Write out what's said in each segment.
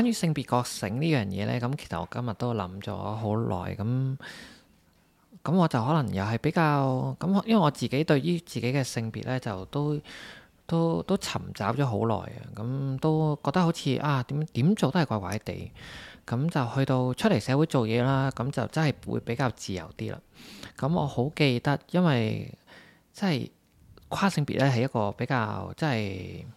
關於性別覺醒呢樣嘢呢，咁其實我今日都諗咗好耐，咁咁我就可能又係比較咁，因為我自己對於自己嘅性別呢，就都都都尋找咗好耐嘅，咁都覺得好似啊點點做都係怪怪地，咁就去到出嚟社會做嘢啦，咁就真係會比較自由啲啦。咁我好記得，因為即係跨性別呢，係一個比較即係，真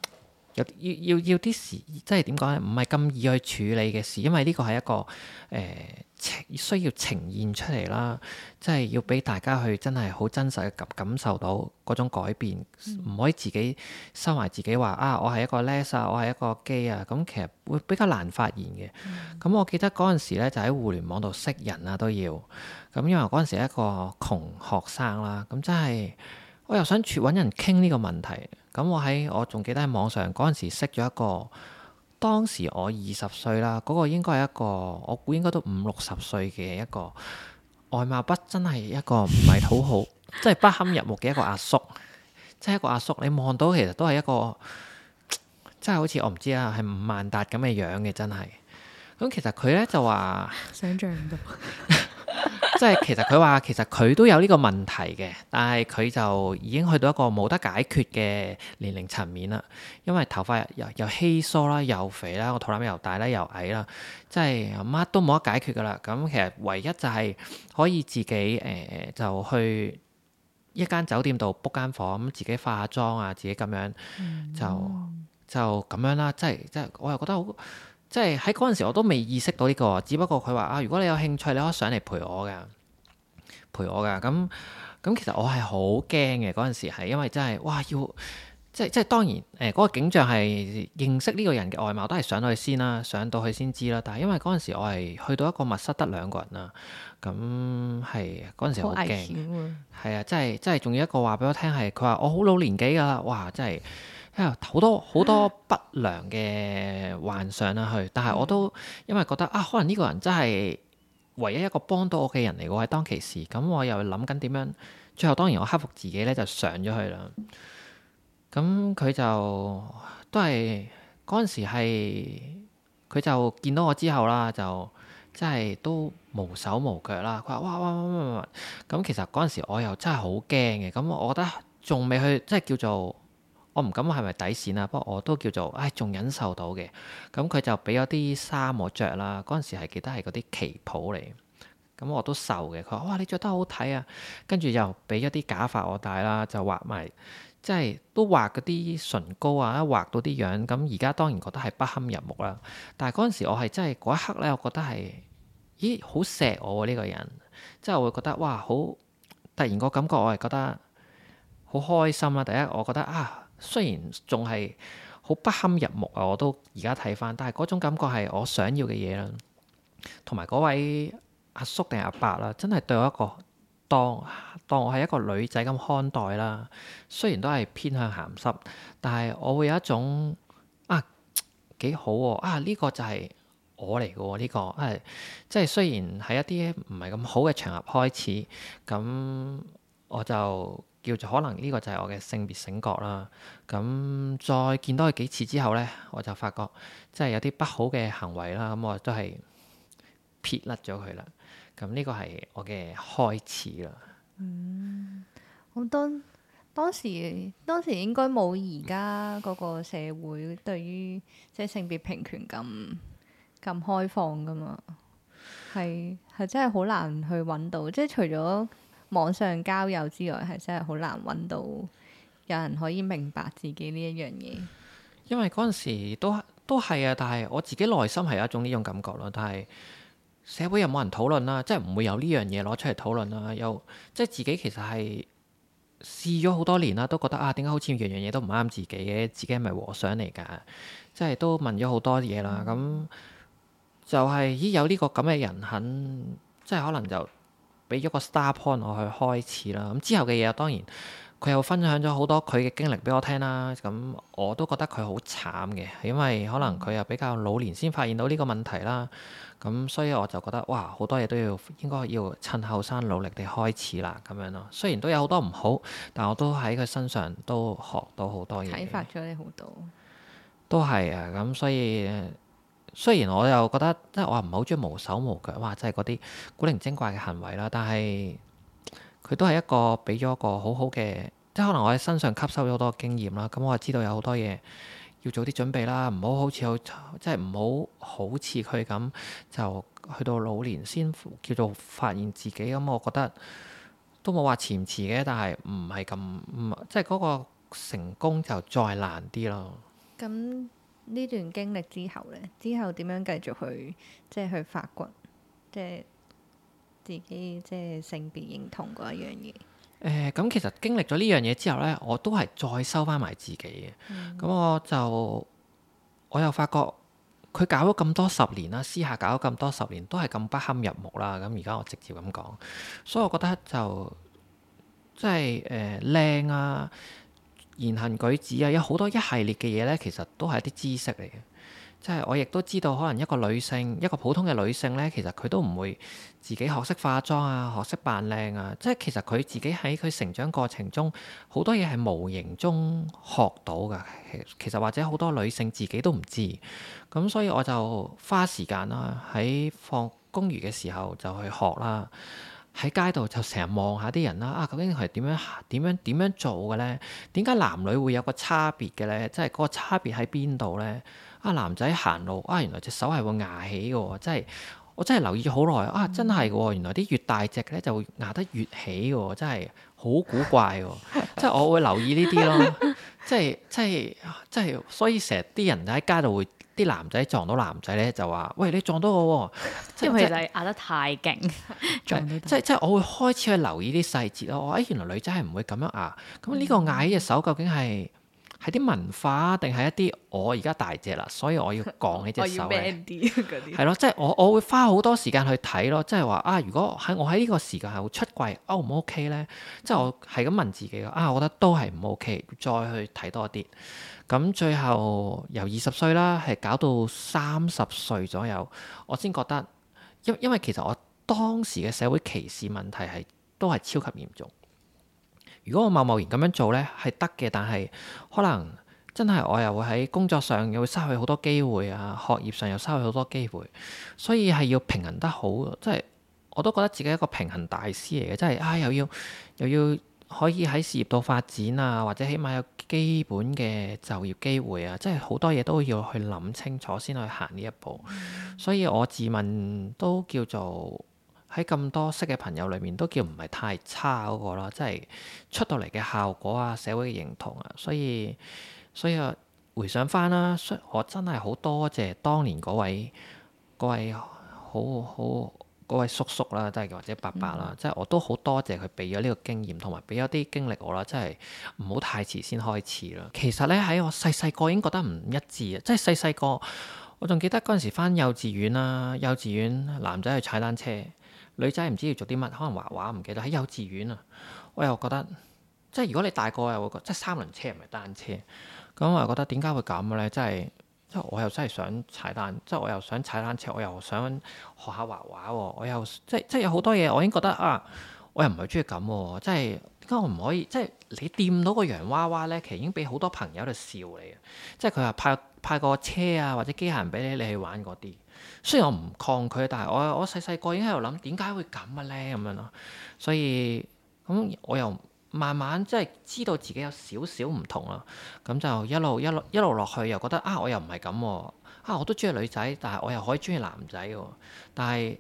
有要要要啲事，即係點講咧？唔係咁易去處理嘅事，因為呢個係一個誒、呃呃呃，需要呈現出嚟啦，即係要俾大家去真係好真實嘅感感受到嗰種改變，唔、嗯、可以自己收埋自己話啊！我係一個 less 啊，我係一個 gay 啊，咁其實會比較難發現嘅。咁、嗯嗯、我記得嗰陣時咧，就喺互聯網度識人啊，都要咁，因為嗰陣時係一個窮學生啦，咁、啊、真係我又想揾人傾呢個問題。咁我喺我仲記得喺網上嗰陣時識咗一個，當時我二十歲啦，嗰個應該係一個，我估應該都五六十歲嘅一個外貌不真係一個唔係好好，即係 不堪入目嘅一個阿叔，即係一個阿叔，你望到其實都係一個，即係好似我唔知啊，係五萬達咁嘅樣嘅，真係。咁其實佢咧就話，想象唔到。 即係其實佢話其實佢都有呢個問題嘅，但係佢就已經去到一個冇得解決嘅年齡層面啦。因為頭髮又，又稀疏啦，又肥啦，我肚腩又大啦，又矮啦，即係乜都冇得解決噶啦。咁其實唯一就係可以自己誒、呃、就去一間酒店度 book 間房，咁自己化下妝啊，自己咁樣、嗯、就就咁樣啦。即係即係我又覺得好。即係喺嗰陣時，我都未意識到呢個，只不過佢話啊，如果你有興趣，你可以上嚟陪我噶，陪我噶。咁咁其實我係好驚嘅，嗰陣時，係因為真係哇，要即即當然誒，呃嗰個景象係認識呢個人嘅外貌，都係上到去先啦，上到去先知啦。但因為嗰陣時我係去到一個密室得兩個人啦，咁係嗰陣時好驚。係啊，真係真係，仲有一個話俾我聽係，佢話我好老年紀㗎啦，哇！真係。好多好多不良嘅幻想啦，去，但係我都因為覺得啊，可能呢個人真係唯一一個幫到我嘅人嚟，我係當其時，咁我又諗緊點樣，最後當然我克服自己咧，就上咗去啦。咁佢就都係嗰陣時係佢就見到我之後啦，就即係都無手無腳啦。佢話：哇哇哇哇！咁其實嗰陣時我又真係好驚嘅。咁我覺得仲未去，即係叫做。我唔敢話係咪底線啦，不過我都叫做唉，仲、哎、忍受到嘅。咁佢就俾咗啲衫我着啦。嗰陣時係記得係嗰啲旗袍嚟，咁我都受嘅。佢話：哇，你着得好睇啊！跟住又俾咗啲假髮我戴啦，就畫埋即係都畫嗰啲唇膏啊，畫到啲樣。咁而家當然覺得係不堪入目啦，但係嗰陣時我係真係嗰一刻咧、啊這個啊，我覺得係咦好錫我喎呢個人，即係我會覺得哇好突然個感覺，我係覺得好開心啦。第一我覺得啊～雖然仲係好不堪入目啊，我都而家睇返，但係嗰種感覺係我想要嘅嘢啦，同埋嗰位阿叔定阿伯啦、啊，真係對我一個當當我係一個女仔咁看待啦。雖然都係偏向鹹濕，但係我會有一種啊幾好喎啊呢、啊這個就係我嚟嘅喎呢個啊，即係雖然喺一啲唔係咁好嘅場合開始，咁我就。叫做可能呢個就係我嘅性別醒覺啦。咁再見多佢幾次之後咧，我就發覺即係有啲不好嘅行為啦。咁我都係撇甩咗佢啦。咁呢個係我嘅開始啦。嗯，好多當，當時當時應該冇而家嗰個社會對於即係性別平權咁咁開放噶嘛？係，係真係好難去搵到，即係除咗。網上交友之外，係真係好難揾到有人可以明白自己呢一樣嘢。因為嗰陣時都都係啊，但係我自己內心係有一種呢種感覺咯。但係社會又冇人討論啦，即係唔會有呢樣嘢攞出嚟討論啦。又即係自己其實係試咗好多年啦，都覺得啊，點解好似樣樣嘢都唔啱自己嘅？自己係咪和尚嚟㗎？即係都問咗好多嘢啦。咁就係咦，有呢個咁嘅人肯，即係可能就。俾咗個 star point 我去開始啦，咁、嗯、之後嘅嘢當然佢又分享咗好多佢嘅經歷俾我聽啦，咁、嗯、我都覺得佢好慘嘅，因為可能佢又比較老年先發現到呢個問題啦，咁、嗯、所以我就覺得哇，好多嘢都要應該要趁後生努力地開始啦，咁樣咯。雖然都有好多唔好，但我都喺佢身上都學到好多嘢，啟發咗你好多。都係啊，咁、嗯、所以。雖然我又覺得，即、就、係、是、我唔係好中意無手無腳，哇！即係嗰啲古靈精怪嘅行為啦，但係佢都係一個俾咗一個好好嘅，即係可能我喺身上吸收咗好多經驗啦。咁、嗯、我就知道有好多嘢要做啲準備啦，唔好、就是、好似有，即係唔好好似佢咁，就去到老年先叫做發現自己。咁、嗯、我覺得都冇話遲唔遲嘅，但係唔係咁，即係嗰個成功就再難啲咯。咁。呢段經歷之後呢，之後點樣繼續去即係去發掘，即係自己即係性別認同嗰一樣嘢。咁、呃、其實經歷咗呢樣嘢之後呢，我都係再收翻埋自己嘅。咁、嗯、我就我又發覺佢搞咗咁多十年啦，私下搞咗咁多十年都係咁不堪入目啦。咁而家我直接咁講，所以我覺得就即係誒靚啊！言行舉止啊，有好多一系列嘅嘢咧，其實都係一啲知識嚟嘅。即係我亦都知道，可能一個女性，一個普通嘅女性咧，其實佢都唔會自己學識化妝啊，學識扮靚啊。即係其實佢自己喺佢成長過程中，好多嘢係無形中學到㗎。其實或者好多女性自己都唔知。咁所以我就花時間啦，喺放工餘嘅時候就去學啦。喺街度就成日望下啲人啦，啊究竟佢點樣點樣點樣做嘅咧？點解男女會有個差別嘅咧？即係嗰個差別喺邊度咧？啊男仔行路啊，原來隻手係會牙起嘅，真係我真係留意咗好耐啊！真係喎，原來啲越大隻咧就會牙得越起嘅，真係好古怪喎！ 即係我會留意呢啲咯，即係即係即係，所以成日啲人就喺街度會。啲男仔撞到男仔咧，就話：喂，你撞到我喎、哦！因為你壓得太勁，即係即係， 即係即係、我會開始去留意啲細節咯。我話，哎，原來女仔係唔會咁樣壓。咁呢、嗯、個壓嘅手究竟係？係啲文化定係一啲我而家大隻啦，所以我要講起隻手係咯，即係 我、 就是、我，我會花好多時間去睇咯，即係話啊，如果喺我喺呢個時間喺出櫃 O 唔 O K 咧，即係我係咁、就是、問自己啊，我覺得都係唔 O K，再去睇多啲。咁最後由二十歲啦，係搞到三十歲左右，我先覺得，因因為其實我當時嘅社會歧視問題係都係超級嚴重。如果我貿貿然咁樣做呢，係得嘅，但係可能真係我又會喺工作上又會失去好多機會啊，學業上又失去好多機會，所以係要平衡得好，即係我都覺得自己係一個平衡大師嚟嘅，即係啊又要又要可以喺事業度發展啊，或者起碼有基本嘅就業機會啊，即係好多嘢都要去諗清楚先去行呢一步，所以我自問都叫做。喺咁多識嘅朋友裏面，都叫唔係太差嗰個啦。即係出到嚟嘅效果啊，社會嘅認同啊，所以所以我回想返啦，我真係好多謝當年嗰位嗰位好好嗰位叔叔啦，即係或者伯伯啦，嗯、即係我都好多謝佢俾咗呢個經驗，同埋俾咗啲經歷我啦。即係唔好太遲先開始啦。其實咧，喺我細細個已經覺得唔一致啊。即係細細個我仲記得嗰陣時返幼稚園啦，幼稚園男仔去踩單車。女仔唔知要做啲乜，可能畫畫唔記得喺幼稚園啊。我又覺得，即係如果你大個又會覺得，即係三輪車唔係單車。咁我又覺得點解會咁嘅咧？即係即係我又真係想踩單，即係我又想踩單車，我又想學下畫畫喎。我又即係即係有好多嘢，我已經覺得啊，我又唔係中意咁喎。即係點解我唔可以？即係你掂到個洋娃娃咧，其實已經俾好多朋友就笑你啊。即係佢話拍。派個車啊或者機械人俾你，你去玩嗰啲。雖然我唔抗拒，但係我我細細個已經喺度諗，點解會咁嘅咧？咁樣咯。所以咁我又慢慢即係、就是、知道自己有少少唔同啦。咁就一路一路一路落去，又覺得啊，我又唔係咁喎。啊，我都中意女仔，但係我又可以中意男仔喎、啊。但係。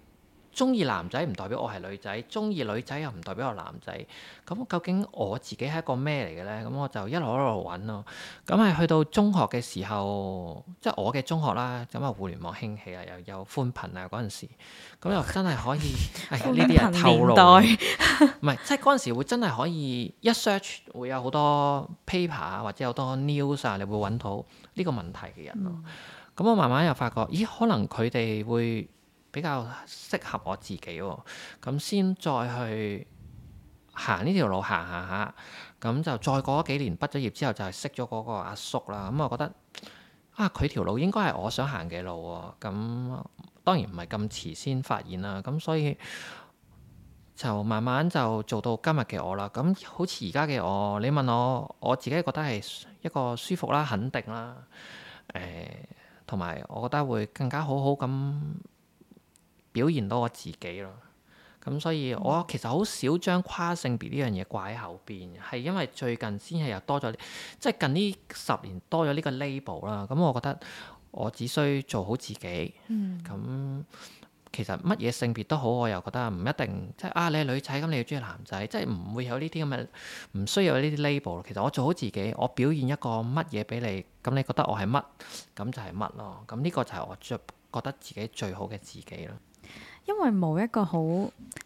中意男仔唔代表我係女仔，中意女仔又唔代表我男仔。咁究竟我自己係一個咩嚟嘅呢？咁我就一路一路揾咯。咁係去到中學嘅時候，即係我嘅中學啦。咁啊，互聯網興起啊，又有，有寬頻啊嗰陣時，咁又真係可以呢啲人透露，唔係即係嗰陣時會真係可以一 search 會有好多 paper 啊或者好多 news 啊，你會揾到呢個問題嘅人咯。咁、嗯、我慢慢又發覺，咦？可能佢哋會。比較適合我自己喎，咁先再去行呢條路行下下，咁就再過咗幾年，畢咗業之後就係識咗嗰個阿叔啦。咁我覺得啊，佢條路應該係我想行嘅路喎。咁當然唔係咁遲先發現啦。咁所以就慢慢就做到今日嘅我啦。咁好似而家嘅我，你問我我自己覺得係一個舒服啦、肯定啦，誒、哎，同埋我覺得會更加好好咁。表現到我自己咯，咁所以我其實好少將跨性別呢樣嘢掛喺後邊，係因為最近先係又多咗，即係近呢十年多咗呢個 label 啦。咁我覺得我只需做好自己，咁、嗯、其實乜嘢性別都好，我又覺得唔一定即係、就是、啊。你係女仔咁，你要中意男仔，即係唔會有呢啲咁嘅唔需要有呢啲 label。其實我做好自己，我表現一個乜嘢俾你，咁你覺得我係乜，咁就係乜咯。咁呢個就係我最覺得自己最好嘅自己啦。因為冇一個好，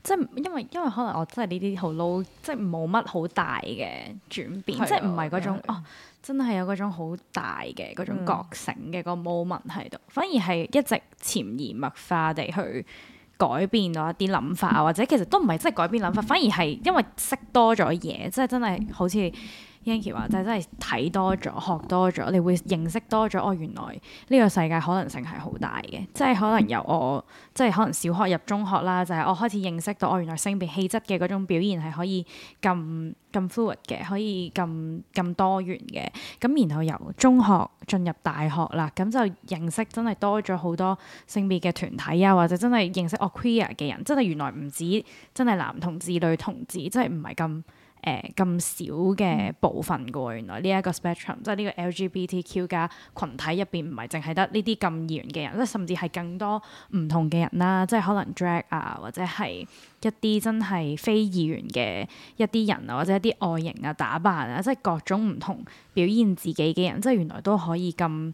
即係因為因為可能我真係呢啲好 low，即係冇乜好大嘅轉變，的即係唔係嗰種的哦，真係有嗰種好大嘅嗰種覺醒嘅個 moment 喺度，反而係一直潛移默化地去改變到一啲諗法，或者其實都唔係真係改變諗法，反而係因為識多咗嘢，即係真係好似。Yanki 話就真係睇多咗、學多咗，你會認識多咗。我、哦、原來呢個世界可能性係好大嘅，即係可能由我即係可能小學入中學啦，就係、係、我開始認識到我、哦、原來性別氣質嘅嗰種表現係可以咁咁 fluid 嘅，可以咁咁多元嘅。咁然後由中學進入大學啦，咁就認識真係多咗好多性別嘅團體啊，或者真係認識我 queer 嘅人，真係原來唔止真係男同志、女同志，真係唔係咁。誒咁少嘅部分喎，原來呢一個 spectrum，、嗯、即係呢個 LGBTQ 加群體入邊，唔係淨係得呢啲咁二元嘅人，即係甚至係更多唔同嘅人啦，即係可能 drag 啊，或者係一啲真係非二元嘅一啲人啊，或者一啲外形啊、打扮啊，即係各種唔同表現自己嘅人，即係原來都可以咁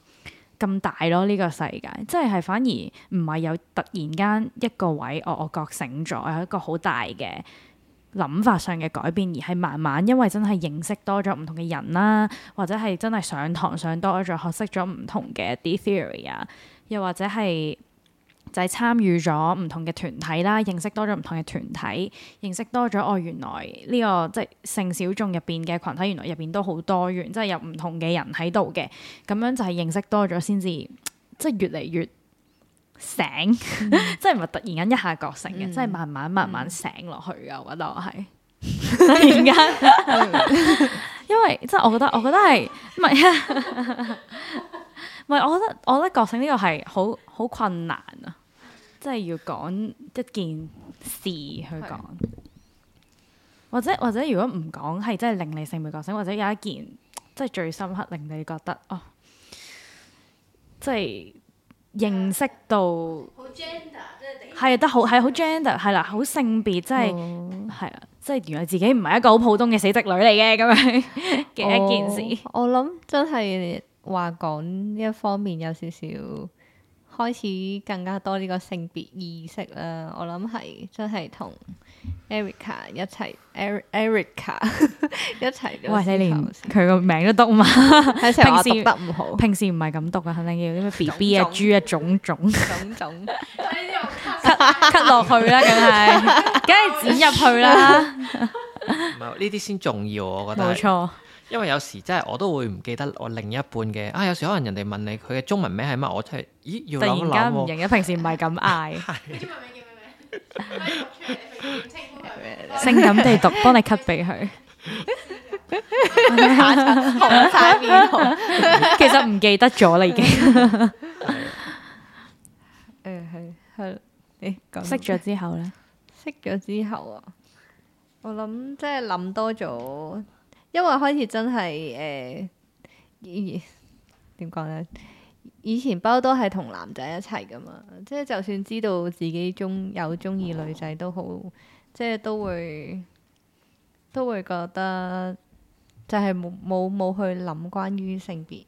咁大咯呢、呢個世界，即係係反而唔係有突然間一個位我我覺醒咗，係一個好大嘅，諗法上嘅改變，而係慢慢，因為真係認識多咗唔同嘅人啦，或者係真係上堂上多咗，學識咗唔同嘅啲 theory 啊，又或者係就係參與咗唔同嘅團體啦，認識多咗唔同嘅團體，認識多咗哦，原來呢個即係性小眾入邊嘅群體，原來入邊都好多元，即係有唔同嘅人喺度嘅，咁樣就係認識多咗，先至即係越嚟越醒， 即係唔係突然間一下覺醒嘅，嗯、即係慢慢慢慢醒落去嘅，嗯、我覺得我係。突然間，因為即係我覺得，我覺得係唔係，唔係 不是， 我覺得，我覺得覺醒呢個係好好困難啊！即係要講一件事去講，的或者或者如果唔講，係真係令你性嘅覺醒，或者有一件即係最深刻令你覺得哦，即係。認識到，係得、嗯、的好係好 gender 係啦，好性別即係係啦，即係原來自己唔係一個好普通嘅死直女嚟嘅咁樣嘅一件事。哦、我諗真係話講呢一方面有少少開始更加多呢個性別意識啦。我諗係真係同。Erica 一齊，Erica、e、一齊。喂，你連，佢個名都讀嘛？平時讀得唔好？平時唔係咁讀啊，肯定要啲咩 B B 啊、G 啊、種種種種，cut cut 落去啦，梗係梗係剪入去啦。唔係呢啲先重要，我覺得。冇錯錯，因為有時真係我都會唔記得我另一半嘅啊。有時可能人哋問你佢嘅中文名係乜，我真、就、係、是、咦？突然間唔認啊！ 平時唔係咁嗌。 性感地讀，幫你吸鼻，佢。其實唔記得咗啦，已經、 嗯。誒，係係，誒，識咗之後咧？識咗之後啊，我諗即係諗多咗，因為開始真係誒，咦，點講咧？哎以前包都係同男仔一齊㗎嘛，即係就算知道自己中有鍾意女仔都好，Wow. 即係都會都會覺得就係冇冇冇去諗關於性別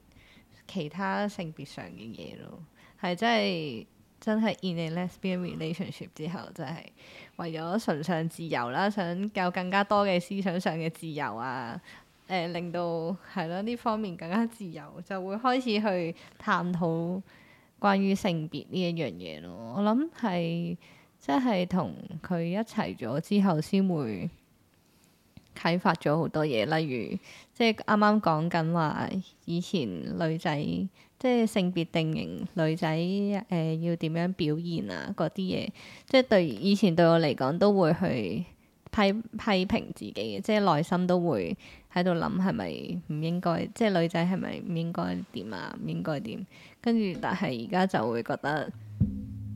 其他性別上嘅嘢咯，係真係真係 in a lesbian relationship 之後，Wow. 就係為咗崇尚自由啦，想有更加多嘅思想上嘅自由啊！誒令到係咯，呢方面更加自由，就會開始去探討關於性別呢一樣嘢咯。我諗係即係同佢一齊咗之後，先會啟發咗好多嘢。例如即係啱啱講緊話，以前女仔即係性別定型，女仔誒、呃、要點樣表現啊嗰啲嘢，即係對以前對我嚟講都會去批批評自己嘅，即係內心都會喺度諗，係咪唔應該？即係女仔係咪唔應該點啊？唔應該點？跟住，但係而家就會覺得，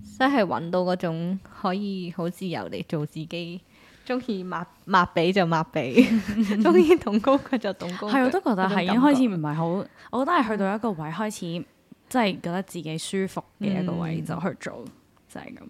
即係揾到嗰種可以好自由地做自己，中意抹抹鼻就抹鼻，中意動高佢就動高。係， 我都覺得係，已經開始唔係好。嗯、我覺得係去到一個位，開始即係、就係、覺得自己舒服嘅一個位，就去做，嗯、就係咁。